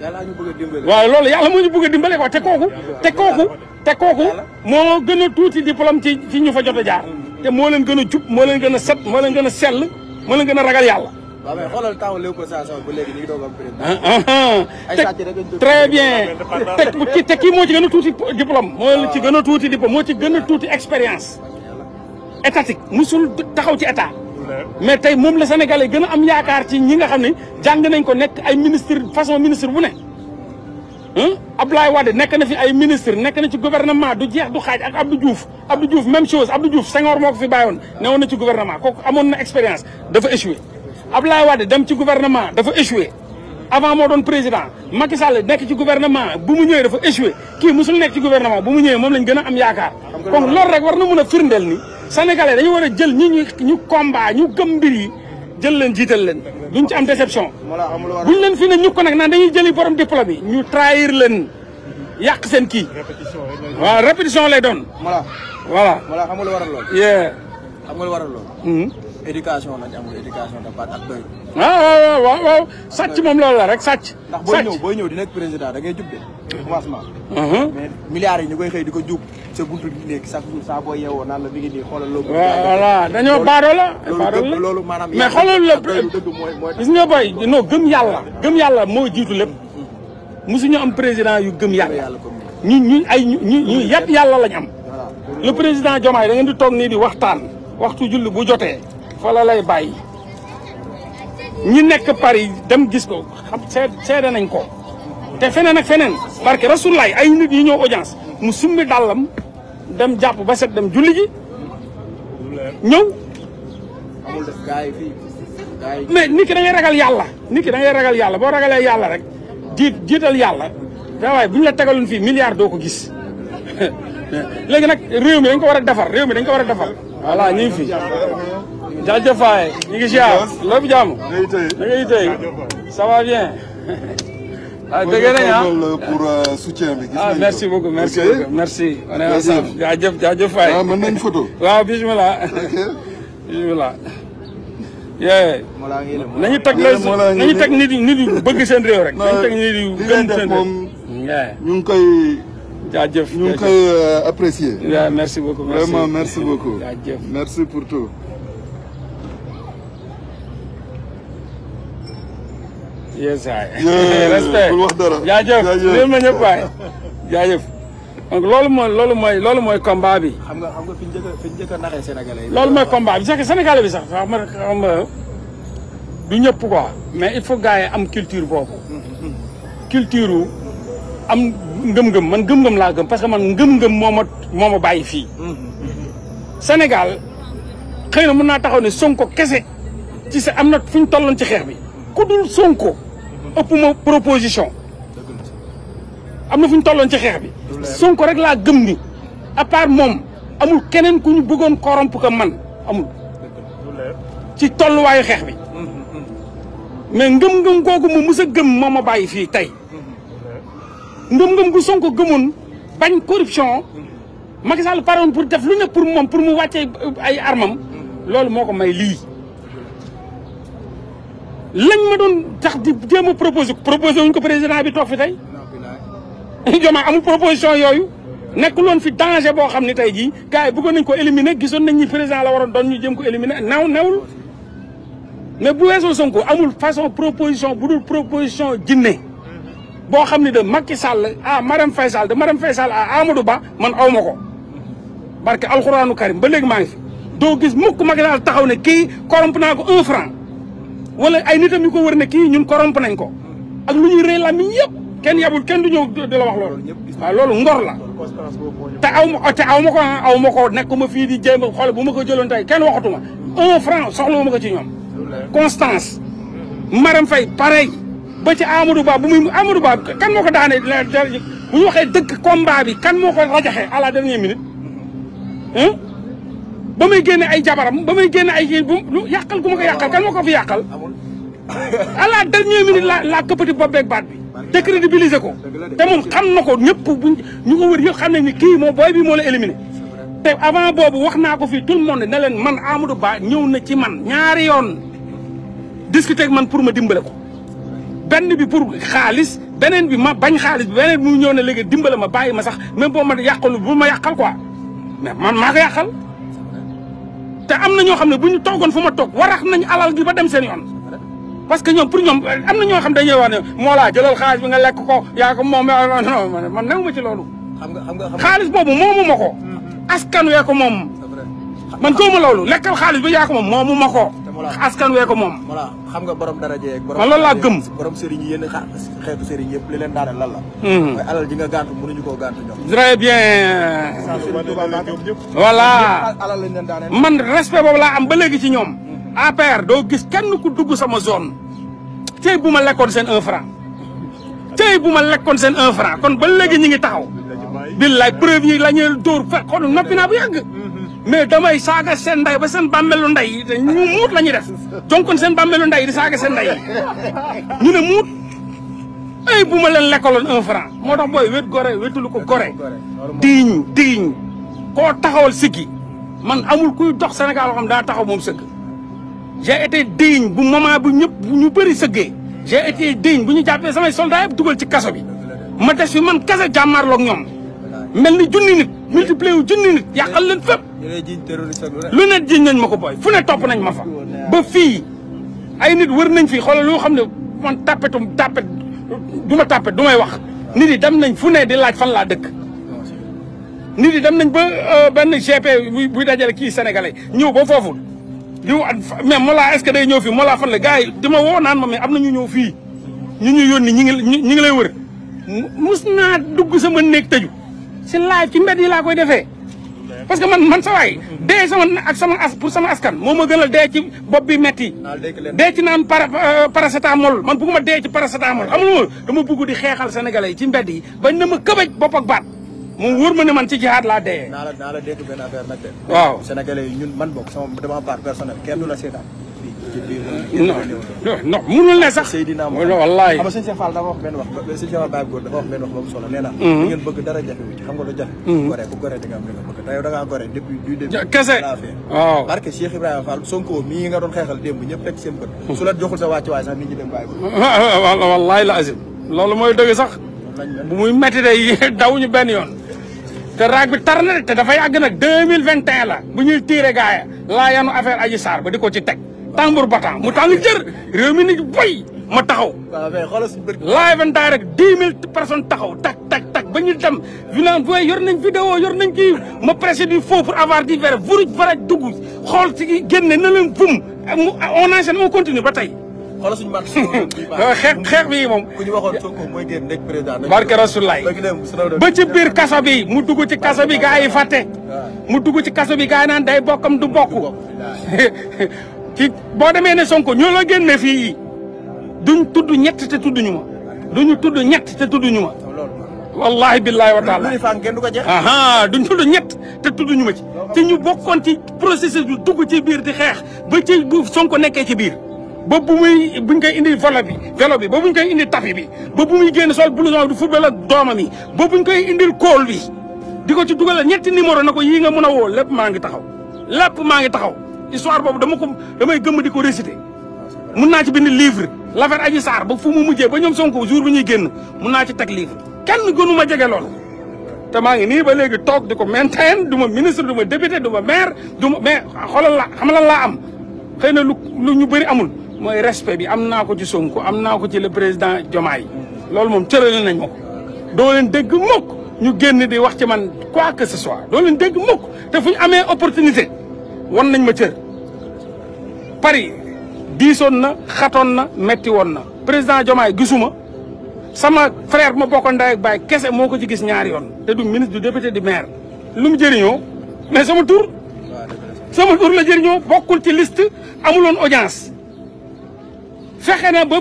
yàlla ñu bëgg waaw loolu yàlla moo ñu bëgg a dimbale quoi te kooku. te kooku te kooku moo gën a tuuti diplôme ci ci ñu fa jot a jaar. te moo leen gën a jub moo leen gën a set moo leen gën a sell moo leen gën a ragal yàlla. waaw mais xoolal temps Léopold Sédar ba léegi ñu ngi doog am président. Ah, ah, ah. très bien te ki moo ci gën a tuuti diplôme. moo ci gën a tuuti diplôme moo ci gën a tuuti expérience. étatique musul taxaw ci état. mais tey moom la Sénégalais gën a am yaakaar ci ñi nga xam ne jàng nañ ko nekk ay ministre façon ministre bu ne. Abdoulaye de nekk na fi ay ministre nekk na ci gouvernement du jeex du xaaj ak Abdou Diouf Abdou Diouf même chose Abdou Diouf Senghor moo ko fi bàyyoon newoon na ci gouvernement kooku amoon na expérience dafa échoué. Abdoulaye Wade dem ci gouvernement dafa échoué. avant moo doon président Macky Sall nekk ci gouvernement bu mu ñëwee dafa échoué kii su nekk ci gouvernement bu mu ñëwee moom lañ gën a am yaakaar kon loolu rek war na mën a firndeel ni sénégalais dañu war a jël ñi ñu ñu combat ñu gëm mbir yi jël leen jiital leen ñu ci am déception buñ leen fi ne ñu ko nag naan dañuy jëli borom diplôme yi ñu trahir leen yàq seen kii waa répétition lay doon voilà voilà xam nga lu waral lool xam nga lu waral éducation lañ amul éducation de base ak doylu. Ah, waaw la rek sàcc. ndax booy ñëw booy ñëw di nekk président da ngay jub de commencement. Uh-huh. yi ñu koy xëy di ko jub sa buntu di nekk chaque jour saa boo yeewoo naan la mi ngi nii xoolal loolu. voilà dañoo baadoo la. loolu dëgg loolu maanaam mais xoolal la gis nga boy non yàlla. gëm yàlla moo jiitu lépp. ñu am président yu gëm yàlla. ñu ñu ay ñu ñu yàpp yàlla lañ am. le président Diomaye da di toog nii di waxtaan waxtu julli bu jotee fa la lay bàyyi ñi nekk Paris dem gis ko xam seede nañ ko te feneen ak feneen barke rasulaay ay nit yi ñëw audience mu summi dàllam dem jàpp ba set dem julli ji ñëw mais nit ki da ragal yàlla nit ki da ngay ragal yàlla boo ragalee yàlla rek jiit jiital yàlla waaye bu ñu la tegaloon fii milliard doo ko gis léegi nag réew mi dañ ko war a defar réew mi dañ ko war a defar voilà ñu fi jaajëfaay ñu ngi ziar lépp jàmm na ngay tey ça va bien. ah dégg nañ ah euh, pour euh, soutien bi. ah merci beaucoup merci beaucoup merci. on est ensemble jaajëf jaajëf Faye. Ah, waaw mën nañ photo. waaw bisimilah. ok bisimilah. yee. nañu teg nañu teg nit yi nit yi bëgg seen réew rek. nañu teg nit yi gëm seen réew. ñu ngi koy. jaajëf ñu ngi koy euh, apprécier. waaw merci beaucoup merci vraiment merci beaucoup. jaajëf merci pour tout. yes waay. respect bul wax dara jaajëf jaajëf ma ñëpp waay loolu mooy loolu mooy loolu bi. xam nga xam nga fi ñu njëkk a fi ñu njëkk bi sax du ñëpp ko mais il faut gars yi am culture boobu. culture am ngëm-ngëm man ngëm-ngëm laa gëm parce que man ngëm-ngëm moo ma moo ma bàyyi fii. Sénégal xëy na mun naa taxaw ne Sonko kese ci sa am na fu ñu tolloon ci xeex bi ku dul Sonko. ëpp ma proposition am na fu ñu tolloon ci xeex bi Sonko rek laa gëm ni à moom amul keneen ku ñu bëggoon corrompre que man amul ci tolluwaayu xeex bi mais ngëm-ngëm googu mu mës gëm moo ma bàyyi fii tey ngëm-ngëm gu Sonko gëmoon bañ corruption Macky Sall paroon pour def lu ne pour moom pour mu wàccee ay armam loolu moo ko may lii lañ ma doon tax di jéem a proposé proposé wuñ ko président bi toog fi tey Diomaye amul proposition yooyu nekkul loon fi danger boo xam ne tey jii gars yi buggoon nañ ko éliminer gisoon nañu ni président la waroon doon ñu jëm ko éliminer naw nawul mais bu weesoo Sonko amul façon proposition bu dul proposition jinne boo xam ne de Macky Sall ah Marème Faye Sall de Marème Faye Sall ah Amadou Ba man aw ma ko barke alxuraanu karim ba léegi maa ngi fi doo gis mukk Macky Sall taxaw ne kii corrompe naa ko wala ay nitam yu ko wër ne kii ñun corrompre nañ ko ak lu ñuy rëy làmmiñ yëpp kenn yabul kenn du ñëw di la wax loolu waaw loolu ngor la te aw ma te aw ma ko aw ma ko nekkuma fii di jéem a xool bu ma ko jëloon tey kenn waxatuma un franc soxla ma ko ci ñoom constance Marème Faye pareil ba ci Amadou Ba bu muy Amadou Ba kan moo ko daane bu ñu waxee dëkk combat bi kan moo ko rajaxe à la dernière minute ba may génne ay jabaram ba may génne ay kii bu lu yàqal gu ma ko yàqal kan ma ko fi yàqal. à la dernière minute la la këppati bopp beeg baat bi. décrédibiliser ko te moom xam na ko ñëpp buñ ñu ko wër yëpp xam nañ ni kii moo booy bi moo la éliminé. te avant boobu wax naa ko fii tout le monde ne leen man Amadou Ba ñëw na ci man ñaari yoon discuter ak man pour ma dimbale ko benn bi pour xaalis beneen bi ma bañ xaalis bi beneen bi mu ñëw ne léegi dimbale ma bàyyi ma sax même boo ma yàqalu bu ma yàqal quoi man maa ko te am na ñoo xam ne bu ñu toogoon fu ma toog warax nañ alal gi ba dem seen yoon parce que ñoom pour ñoom am na ñoo xam dañuy wax ne moo laa jëlal xaalis bi nga lekk ko yaa ko moom non man newuma ci loolu xaalis boobu moomu ma ko mm. askan wee ko moom man góoma loolu lekkal xaalis bi yaa ko moom moomu ma ko askan wee ko moom. voilà xam nga borom dara jeeg. borom man laa gëm. borom sëriñ yéen a xeetu sëriñ yëpp li leen daaneel lan la. Hmm. mooy alal ji nga gàntu mënuñu koo gàntu ñoom. très bien. voilà alal lañ leen daaneel. man respect boobu laa am ba léegi ci ñoom. a APR doo gis kenn ku dugg sama zone. tey bu ma lekkoon seen un franc. tey bu ma lekkoon seen un franc kon ba léegi ñu ngi taxaw. billaay preuve dóor fekk kon noppi bu yàgg. Hmm. mais damay saaga seen nday ba seen bàmmeelu nday ñu muut la ñuy def jonkon seen bàmmeelu nday di saaga seen nday ñu ne muut ay bu ma leen lekkaloon un franc moo tax booy wét gore ko gore diiñ diiñ koo taxawal siggi man amul kuy dox Sénégal daa taxaw moom sëgg j'ai été digne bu moment bu ñëpp ñu bëri sëggee j'ai été digne bu ñu jàppee samay soldats yëpp dugal ci kaso bi ma des fi man kase jàmmaarloog ñoom mel ni junni nit multiplier wu junni nit yàqal leen fépp lu ne jiñ nañ ma ko booy fu ne topp nañ ma fa ba fii ay nit wër nañ fii xoolal loo xam ne man tàppetum tàppet du ma tàppet du may wax nit yi dem nañ fu ne di laaj fan laa dëkk nit yi dem nañ ba euh, benn GP buy dajale kii sénégalais ñëw ba foofu diw at mais Mollah est-ce que day ñëw fii laa fan la gars yi di ma woo naan ma mais am na ñu ñëw fii ñu ñu yónni ñi ngi ñi ngi lay wër mus naa dugg sa man néeg tëju si laaj ci mbedd yi laa koy defee parce que man man sa waay dee sama ak sama as pour askan moo ma gën a dee ci bopp bi metti dee ci naan para euh, paracétamol man bugguma dee ci paracétamol amul ma dama bugg di xeexal sénégalais yi ci mbedd bañ na ma këbaj bopp ak baat moom wóor man ci jihaad laa dee. naa la naa la dénk waaw sénégalais ñun man bokk sama dama part personnel kenn du seetaan non non mënul ne sax. Seydina Mohamed wallaay. xam nga sëñ Cheikh Fall dafa wax benn wax ba sëñ Cheikh Fall Baye mhm. ngeen bëgg dara jafe mhm. kese waaw mii nga doon xeexal démb ñëpp teg seen bët. su la joxul sa wàcc waay sax nit ñi dem bàyyi ko. la azim loolu mooy dëgg sax. muy métti daw ñu ben yoon. te raag bi tar na te dafa yàgg deux mille vingt et la bu ñuy tiire gaaya laa yanu affaire Adji Sarr ba di ko ci teg tàmbur batan mu tàng jër réew mi nit boy ma taxaw. waaw mais xoolal suñu bët. live and direct dix mille taxaw tak tak tak ba ñu dem ñu naan booy yor nañ vidéo yor nañ kii ma pressé du faux pour avoir du vrai vuru faraj dugg xool si génne na leen bum on enchaîne on continue ba tey. xoolal suñu màgg xeex xeex bi moom. ku ñu waxoon Sonko mooy génn nekk président. barke Rasulaay ba ci biir kaso bi mu dugg ci kaso bi gaa yi fàtte. mu dugg ci kaso bi gaa naan day bokkam du bokk. ki boo demee ne Sonko ñoo la génne fii duñ tudd ñett te tudduñu ma duñu tudd ñett te tudduñu ma. wallahi billahi wa taala aha duñ tudd ñett te tudduñu ma ci. ci ñu bokkoon ci processus bi dugg ci biir di xeex ba ci bu Sonko nekkee ci biir. ba bu buñ koy indi vélo bi vélo bi ba buñ koy indi tapi bi ba bu muy génn sol blouson du football ak doomam yi ba buñ koy indil kool bi di ko ci dugalal ñetti numéro na ko yii nga mun a woo lépp maa ngi taxaw lépp maa ngi taxaw. histoire boobu dama ko damay gëmm di ko réciter mun naa ci bind livre l'affaire Adji Sarr ba fu mu mujjee ba ñoom Sonko jour bi ñuy génn mun naa ci teg livre kenn gënu ma jege loolu te maa ngi nii ba léegi toog di ko maintain du ma ministre du ma député du ma maire du ma mais xoolal la xam lan laa am xëy na lu lu ñu bëri amul mooy respect bi am naa ko ci Sonko am naa ko ci le président Diomaye loolu moom cërale nañ ma ko doo dégg mukk ñu génn di wax ci man quoi que ce soit doo leen dégg mukk te fu ñu amee opportunité wan nañ ma cër Paris diisoon na xatoon na metti woon na président Diomaye gisuma sama frère ma bokkoon ndey ak baay kese moo ko ci gis ñaari yoon te du ministre du député du maire lu mu jëriñoo mais sama tur sama tur la jëriñoo bokkul ci liste amuloon audience fexe na ba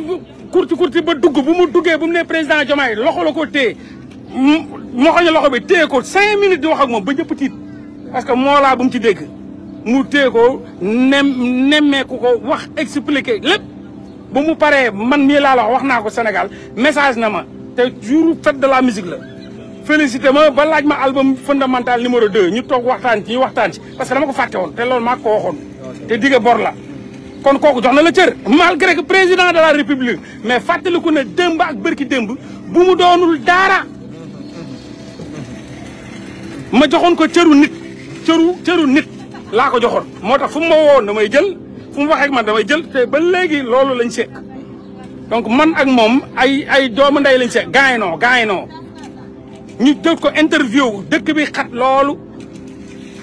kurti kurti ba dugg bu mu duggee bu mu ne président Diomaye loxo la ko téye moxoñ loxo bi téye ko cinq minutes di wax ak moom ba ñëpp tiit parce que moo laa bu mu ci dégg mu téye ko nem nemmeeku ko wax expliqué lép ba mu paree man mii laa la wax naa ko Sénégal message na ma te jour fête de la musique la félicité ma ba laaj ma album fondamental numéro 2 ñu toog waxtaan ci ñu waxtaan ci parce que dama ko fàtte woon te loolu maa ko waxoon te dige bor la kon kooku jox na la cër malgré que président de la république mais fàttaliku ne démb ak bërki démb bu mu doonul daara ma joxoon ko cëru nit cëru cëru nit laa ko joxoon moo tax fu mu ma woo damay jël fu mu waxee ak man damay jël te ba léegi loolu lañ seq donc man ak moom ay ay doomu ndey lañ seq gaañoo gaañoo ñu jël ko interview dëkk bi xat loolu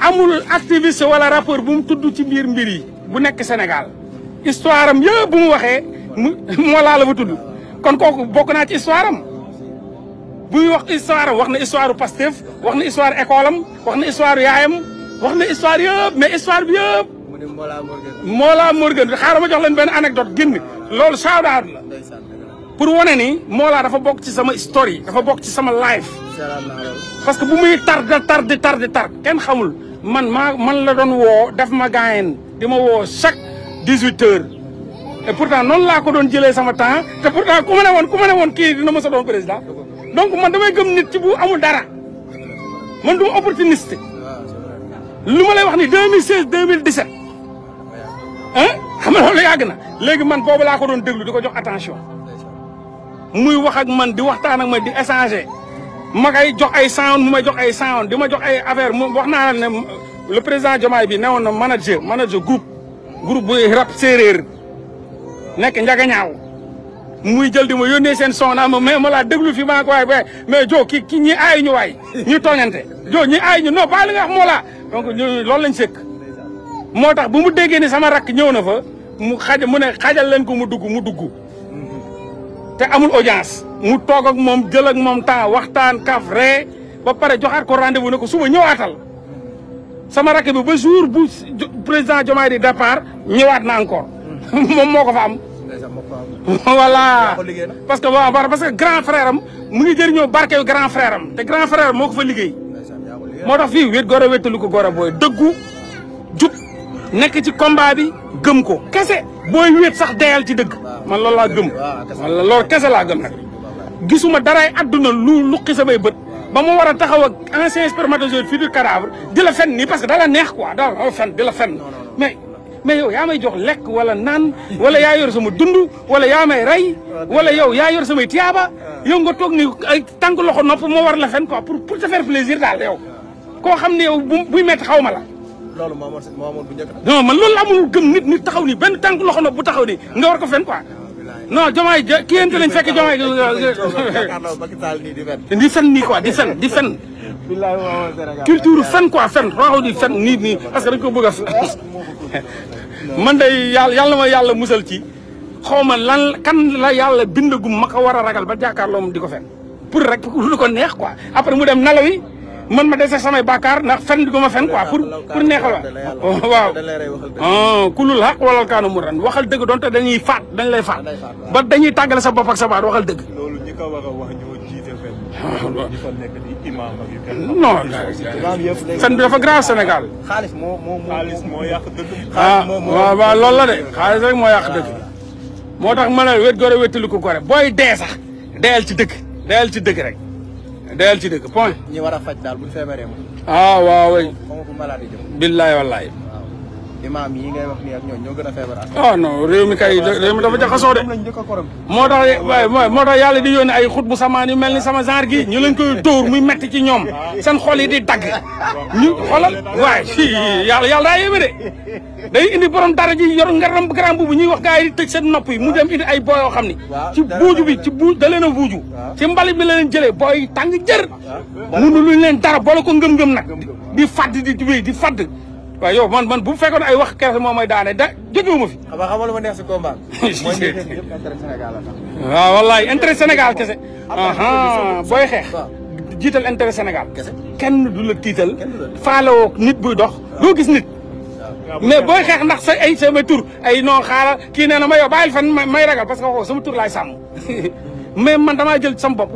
amul activiste walla rapport bu mu tudd ci biir mbir yi bu nekk Sénégal histoire am yëpp bu mu waxee mu moo laa fa tudd kon kooku bokk naa ci histoire am buy wax histoire am wax na histoire Pastef wax na histoire école am wax histoire yaayam wax na histoire yëpp mais histoire bi yëpp. mu ne Mola Morgan. Mola Morgan xaaral ma jox leen benn anecdote génn lool saadaar la. pour wane ni Mola dafa bokk ci sama story dafa bokk ci sama life. parce que bu muy tardé tardé tar tardé kenn xamul man maa man la doon woo def ma gaayen di ma woo chaque dix huit heures. et pourtant noonu laa ko doon jëlee sama temps te pourtant ku ma ne woon ku ma ne woon kii dina ma sa doon président donc man damay gëm nit ci bu amul dara man du ma opportuniste. lu ma lay wax ni 2016 2017 ah xam nga loolu yàgg na léegi man boobu laa ko doon déglu di ko jox attention muy wax ak man di waxtaan ak man di échanger ma koy jox ay sound mu may jox ay sound di ma jox ay affaires mu wax naa ne le président Diomaye bi ne newoon na manager manager groupe groupe bu rap séeréer nekk njaga ñaaw muy jël di ma yónnee seen son naa ma mais ma laa déglu fi maa ko waay waaye mais joo ki ki ñi aay ñu waay ñu tooñante jo ñi aay ñu non ba li nga wax moo laa donc ñooñu loolu lañ sëkk moo tax bu mu déggee ni sama rakk ñëw na fa mu xaj mu ne xajal leen ko mu dugg mu dugg te amul audience mu toog ak moom jël moom temps waxtaan kaf ree ba pare joxaat ko rendez-vous ne ko suba ñëwaatal sama rakk bi ba jour bu président Diomaye di départ ñëwaat na encore moom moo ko fa am voilà parce que waaw parce que grand frère am mu ngi jëriñoo barke grand frère am te grand frère moo ko fa liggéey moo tax fii wét goro wéttalu ko goro booy dëggu jub nekk ci combat bi gëm ko kese booy wéet sax deyal ci dëgg man loolu laa gëm man loolu kese laa gëm nag gisuma daraay àdduna lu luqi samay bët ba mu war a taxaw a ancien spermatozoïde futur cadavre di la fen nii parce que dala neex quoi fen di la fen mais mais yow yaa may jox lekk wala naan wala yaa yor sama dund wala yaa may rey wala yow yaa yor samay tiyaaba yow nga toog ni ay tànk loxo nopp moo war la fen quoi pour pour te faire plaisir daal yow koo xam ne yow bu buy metti xaw ma la loolu moo amoon bu njëkk non man loolu amul gëm nit nit taxaw ni benn tànk loxo nopp bu taxaw ni nga war ko fen ko non jomaay kiyante lañ fekk jomaay di fen nii quoi di fen di fen culture fen quoi fen raxaw di fen nii nii parce que dañ ko bëgg a man day yàlla yàlla ma yàlla musal ci xaw ma lan kan la yàlla bindagum ma ko war a ragal ba jàkkaarloo mu di ko fen pour rek lu ko neex quoi après mu dem nalawi man ma dese samay bàkkaar ndax fen di ko ma fen quoi pour pour neexal waaw waaw kulul xaq walal kaanu mu ran ah, waxal dëgg donte dañuy faat dañ lay faat ba dañuy tàggale sa bopp ak sa baat waxal dëgg non fen bi dafa grave Sénégal. xaalis moo moo moo yàq dëkk. Ah, waaw waaw loolu la de xaalis moo yàq dëkk. moo tax ma ne wét gore wétali ko gore booy dee sax deyal ci dëkk deyal ci dëkk rek deyal ci dëkk point. ñi war a faj daal bu ñu feebaree moom. ah imaam yi ngay wax nii ak ñoom ñoo gën a feebar ah, kay réew dafa jaxasoo de moo tax waaye moo tax yàlla di yónni ay xut bu samaan mel ni sama genre gi ñu leen koy dóor muy metti ci ñoom seen xol di dagg ñu xolal waaye si daa yéeme de day indi borom dara ji yor ngaram grand bubu ñuy wax gars yi tëj seen nopp mu dem indi ay boo xam ni ci buuju bi ci buuj da leen a buuju ci mbalit bi la leen jëlee booy tàng jër mënu luñ leen dara boole ngëm-ngëm nag di fadd di di waaye yow man man bu mu ay wax keroog moo mooy daane da jógewu ma fi. xam nga xamal ma neex si combat. mooy waaw wallaay intérêt Sénégal kese. booy xeex. jiital intérêt Sénégal. kenn du la tiital. faalewoo nit buy dox doo gis nit. mais booy xeex ndax sa ay sama tur ay non xaaral kii nee na ma yow bàyyil may ragal parce que waxoo sama tur laay sàmm mais man damaa jël sama bopp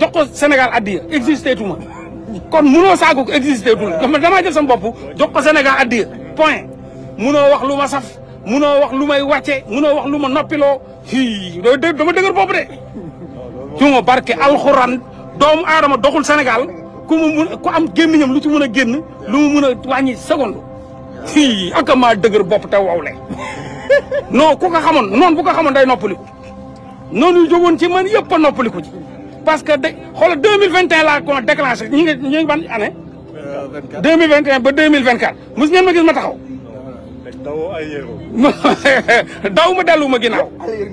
jox ko Sénégal addiya existé tuma kon munoo saagu ko existé dul dama damaa jël sama bopp jox ko Sénégal addiya point munoo wax lu ma saf munoo wax lu may wàcce munoo wax lu ma noppiloo hi doo dama dëgër bopp de cuma barke alxuraan doom aadama doxul Sénégal ku ku am gémmiñam lu ci mun a génn lu mu mun a wàññi seconde hi ak maa dëgër boppu te wawle non ku ko xamoon noonu bu ko xamoon day noppaliku noonu yu ci man yëpp a noppaliku ci parce que de xoola deux mille vingt et un laa ko déclenché ñu ban année. deux mille vingt et un ba deux mille vingt quatre mos ngeen ma gis ma taxaw. daw ay daw ma dellu ma ginnaaw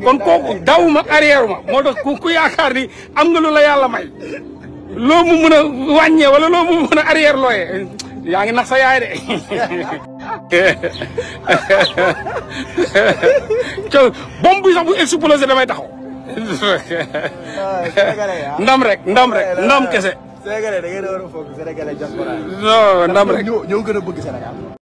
kon kooku daw ma arrière ma moo tax ku yaakaar ni am nga lu la yàlla may. loo mu mën a wàññee wala loo mu mën a arrière looyee yaa ngi nax sa yaay de. coow bomb bi bu explosé damay taxaw. ndam rek ndam rek ndam kese. Sénégalais da ngeen a a gën a bëgg Sénégal.